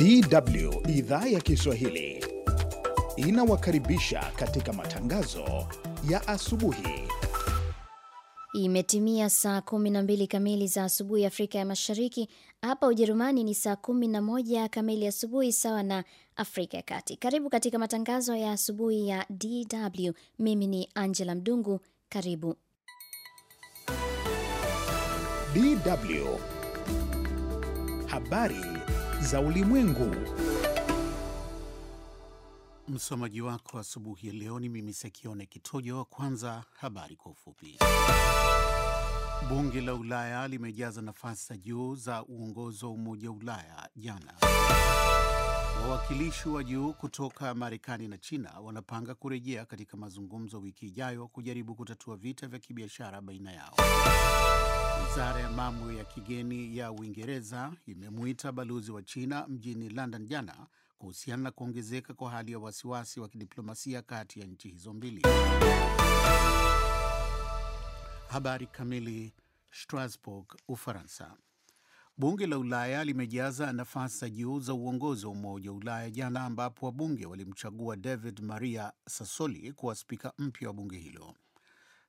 DW idhaa ya Kiswahili inawakaribisha katika matangazo ya asubuhi. Imetimia saa 12 kamili za asubuhi Afrika ya Mashariki, hapa Ujerumani ni saa 11 kamili asubuhi, sawa na Afrika ya Kati. Karibu katika matangazo ya asubuhi ya DW. Mimi ni Angela Mdungu, karibu. DW habari za ulimwengu. Msomaji wako asubuhi ya leo ni mimi Sekione Kitojo. Wa kwanza, habari kwa ufupi. Bunge la Ulaya limejaza nafasi za juu za uongozi wa Umoja wa Ulaya jana. Wawakilishi wa juu kutoka Marekani na China wanapanga kurejea katika mazungumzo wiki ijayo kujaribu kutatua vita vya kibiashara baina yao. Wizara ya mambo ya kigeni ya Uingereza imemwita balozi wa China mjini London jana kuhusiana na kuongezeka kwa hali ya wasiwasi wa kidiplomasia kati ya nchi hizo mbili. Habari kamili. Strasbourg, Ufaransa. Bunge la Ulaya limejaza nafasi za juu za uongozi wa Umoja wa Ulaya jana, ambapo wabunge walimchagua David Maria Sassoli kuwa spika mpya wa bunge hilo.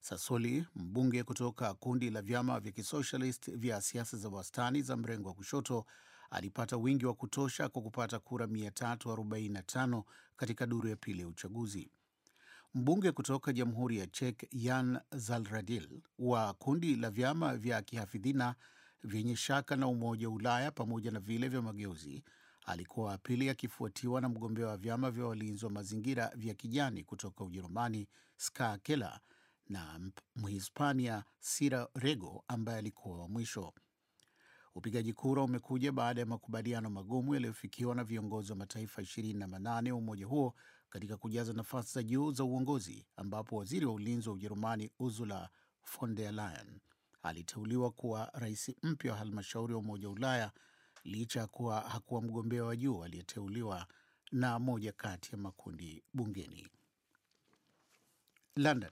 Sasoli, mbunge kutoka kundi la vyama vya kisocialist vya siasa za wastani za mrengo wa kushoto, alipata wingi wa kutosha kwa kupata kura 345 katika duru ya pili ya uchaguzi. Mbunge kutoka Jamhuri ya chek Yan Zalradil wa kundi la vyama vya kihafidhina vyenye shaka na Umoja wa Ulaya pamoja na vile vya mageuzi alikuwa wa pili akifuatiwa na mgombea wa vyama vya walinzi wa mazingira vya kijani kutoka Ujerumani Ska Kela na Mhispania Sira Rego ambaye alikuwa wa mwisho. Upigaji kura umekuja baada ya makubaliano magumu yaliyofikiwa na viongozi wa mataifa 28 wa umoja huo katika kujaza nafasi za juu za uongozi, ambapo waziri wa ulinzi wa Ujerumani Ursula von der Leyen aliteuliwa kuwa rais mpya wa halmashauri ya Umoja wa Ulaya licha ya kuwa hakuwa mgombea wa juu aliyeteuliwa na moja kati ya makundi bungeni. London.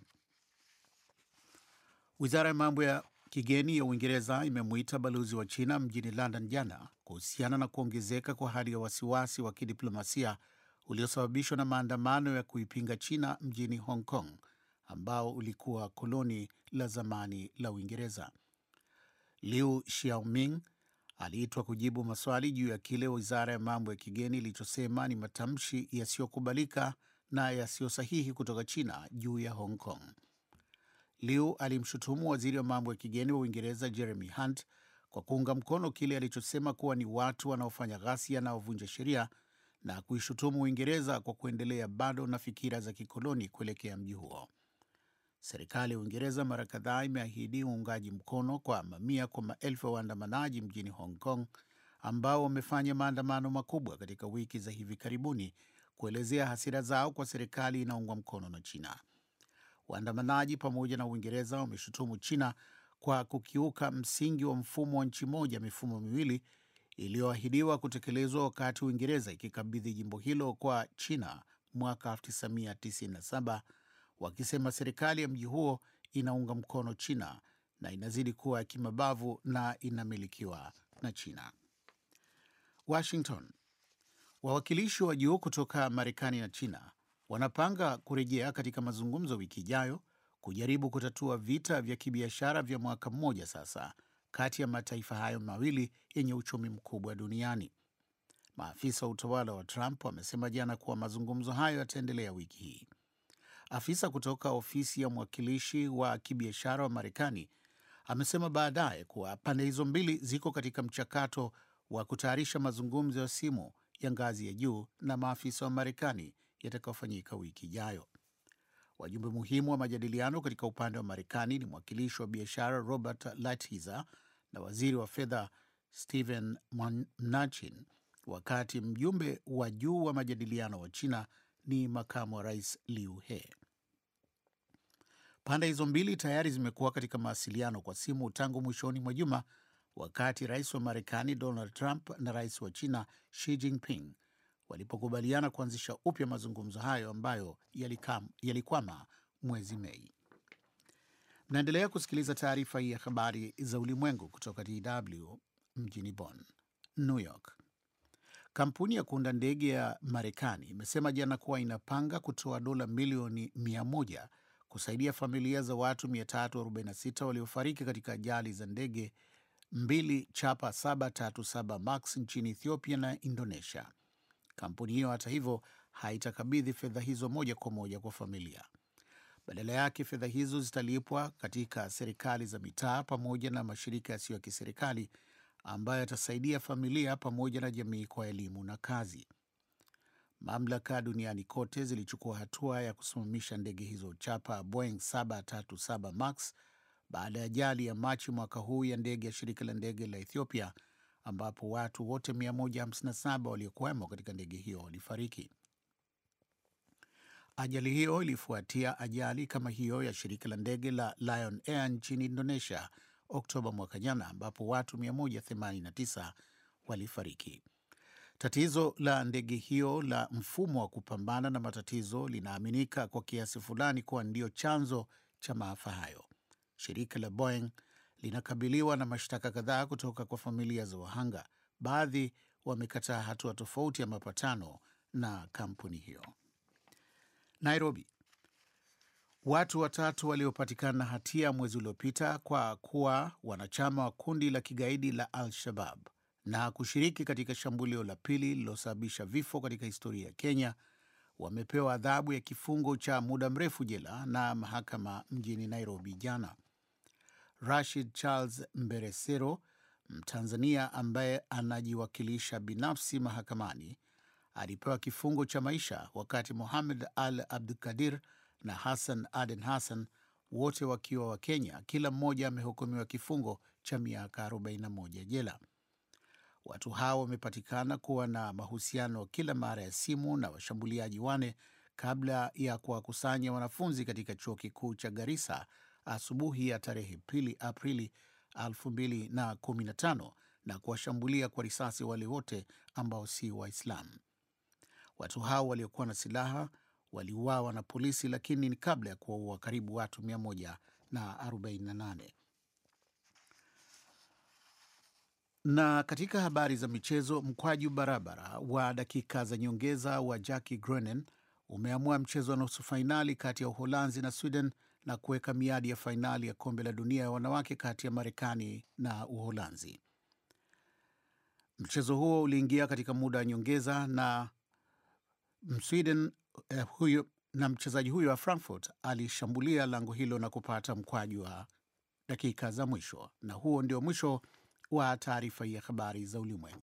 Wizara ya mambo ya kigeni ya Uingereza imemwita balozi wa China mjini London jana kuhusiana na kuongezeka kwa hali ya wasiwasi wa kidiplomasia uliosababishwa na maandamano ya kuipinga China mjini Hong Kong, ambao ulikuwa koloni la zamani la Uingereza. Liu Xiaoming aliitwa kujibu maswali juu ya kile wizara ya mambo ya kigeni ilichosema ni matamshi yasiyokubalika na yasiyo sahihi kutoka China juu ya Hong Kong. Liu alimshutumu waziri wa mambo ya kigeni wa Uingereza Jeremy Hunt kwa kuunga mkono kile alichosema kuwa ni watu wanaofanya ghasia na wavunja sheria na kuishutumu Uingereza kwa kuendelea bado na fikira za kikoloni kuelekea mji huo. Serikali ya Uingereza mara kadhaa imeahidi uungaji mkono kwa mamia kwa maelfu ya waandamanaji mjini Hong Kong ambao wamefanya maandamano makubwa katika wiki za hivi karibuni kuelezea hasira zao kwa serikali inaungwa mkono na China. Waandamanaji pamoja na Uingereza wameshutumu China kwa kukiuka msingi wa mfumo wa nchi moja mifumo miwili iliyoahidiwa kutekelezwa wakati Uingereza ikikabidhi jimbo hilo kwa China mwaka 1997 wakisema serikali ya mji huo inaunga mkono China na inazidi kuwa ya kimabavu na inamilikiwa na China. Washington, wawakilishi wa juu kutoka Marekani na China wanapanga kurejea katika mazungumzo wiki ijayo kujaribu kutatua vita vya kibiashara vya mwaka mmoja sasa kati ya mataifa hayo mawili yenye uchumi mkubwa duniani. Maafisa wa utawala wa Trump wamesema jana kuwa mazungumzo hayo yataendelea wiki hii. Afisa kutoka ofisi ya mwakilishi wa kibiashara wa Marekani amesema baadaye kuwa pande hizo mbili ziko katika mchakato wa kutayarisha mazungumzo ya simu ya ngazi ya juu na maafisa wa Marekani yatakayofanyika wiki ijayo. Wajumbe muhimu wa majadiliano katika upande wa Marekani ni mwakilishi wa biashara Robert Lighthizer na waziri wa fedha Steven Mnuchin, wakati mjumbe wa juu wa majadiliano wa China ni makamu wa rais Liu He. Pande hizo mbili tayari zimekuwa katika mawasiliano kwa simu tangu mwishoni mwa juma, wakati rais wa Marekani Donald Trump na rais wa China Xi Jinping walipokubaliana kuanzisha upya mazungumzo hayo ambayo yalikwama yalikwama mwezi Mei. Mnaendelea kusikiliza taarifa hii ya habari za ulimwengu kutoka DW mjini Bonn. New York. Kampuni ya kuunda ndege ya Marekani imesema jana kuwa inapanga kutoa dola milioni 100 kusaidia familia za watu 346 waliofariki katika ajali za ndege mbili chapa 737 Max nchini Ethiopia na Indonesia. Kampuni hiyo hata hivyo haitakabidhi fedha hizo moja kwa moja kwa familia. Badala yake, fedha hizo zitalipwa katika serikali za mitaa pamoja na mashirika yasiyo ya kiserikali ambayo yatasaidia familia pamoja na jamii kwa elimu na kazi. Mamlaka duniani kote zilichukua hatua ya kusimamisha ndege hizo chapa Boeing 737 Max baada ya ajali ya Machi mwaka huu ya ndege ya shirika la ndege la Ethiopia ambapo watu wote 157 waliokuwemo katika ndege hiyo walifariki. Ajali hiyo ilifuatia ajali kama hiyo ya shirika la ndege la Lion Air nchini Indonesia Oktoba mwaka jana, ambapo watu 189 walifariki. Tatizo la ndege hiyo la mfumo wa kupambana na matatizo linaaminika kwa kiasi fulani kuwa ndio chanzo cha maafa hayo. Shirika la Boeing linakabiliwa na mashtaka kadhaa kutoka kwa familia za wahanga. Baadhi wamekataa hatua tofauti ya mapatano na kampuni hiyo. Nairobi, watu watatu waliopatikana hatia mwezi uliopita kwa kuwa wanachama wa kundi la kigaidi la Al-Shabab na kushiriki katika shambulio la pili lililosababisha vifo katika historia ya Kenya wamepewa adhabu ya kifungo cha muda mrefu jela na mahakama mjini Nairobi jana. Rashid Charles Mberesero, Mtanzania ambaye anajiwakilisha binafsi mahakamani, alipewa kifungo cha maisha wakati muhamed Al Abdukadir na Hassan Aden Hassan wote wakiwa wa Kenya, kila mmoja amehukumiwa kifungo cha miaka 41 jela. Watu hao wamepatikana kuwa na mahusiano kila mara ya simu na washambuliaji wane kabla ya kuwakusanya wanafunzi katika chuo kikuu cha Garissa asubuhi ya tarehe pili Aprili 2015 na, na kuwashambulia kwa risasi wale wote ambao si Waislamu. Watu hao waliokuwa na silaha waliuawa na polisi, lakini ni kabla ya kuwaua karibu watu 148 na katika habari za michezo, mkwaju barabara wa dakika za nyongeza wa Jackie Groening umeamua mchezo wa nusu fainali kati ya Uholanzi na Sweden na kuweka miadi ya fainali ya kombe la dunia ya wanawake kati ya Marekani na Uholanzi. Mchezo huo uliingia katika muda wa nyongeza na Msweden eh, huyo na mchezaji huyo wa Frankfurt alishambulia lango hilo na kupata mkwaju wa dakika za mwisho. Na huo ndio mwisho wa taarifa ya habari za ulimwengu.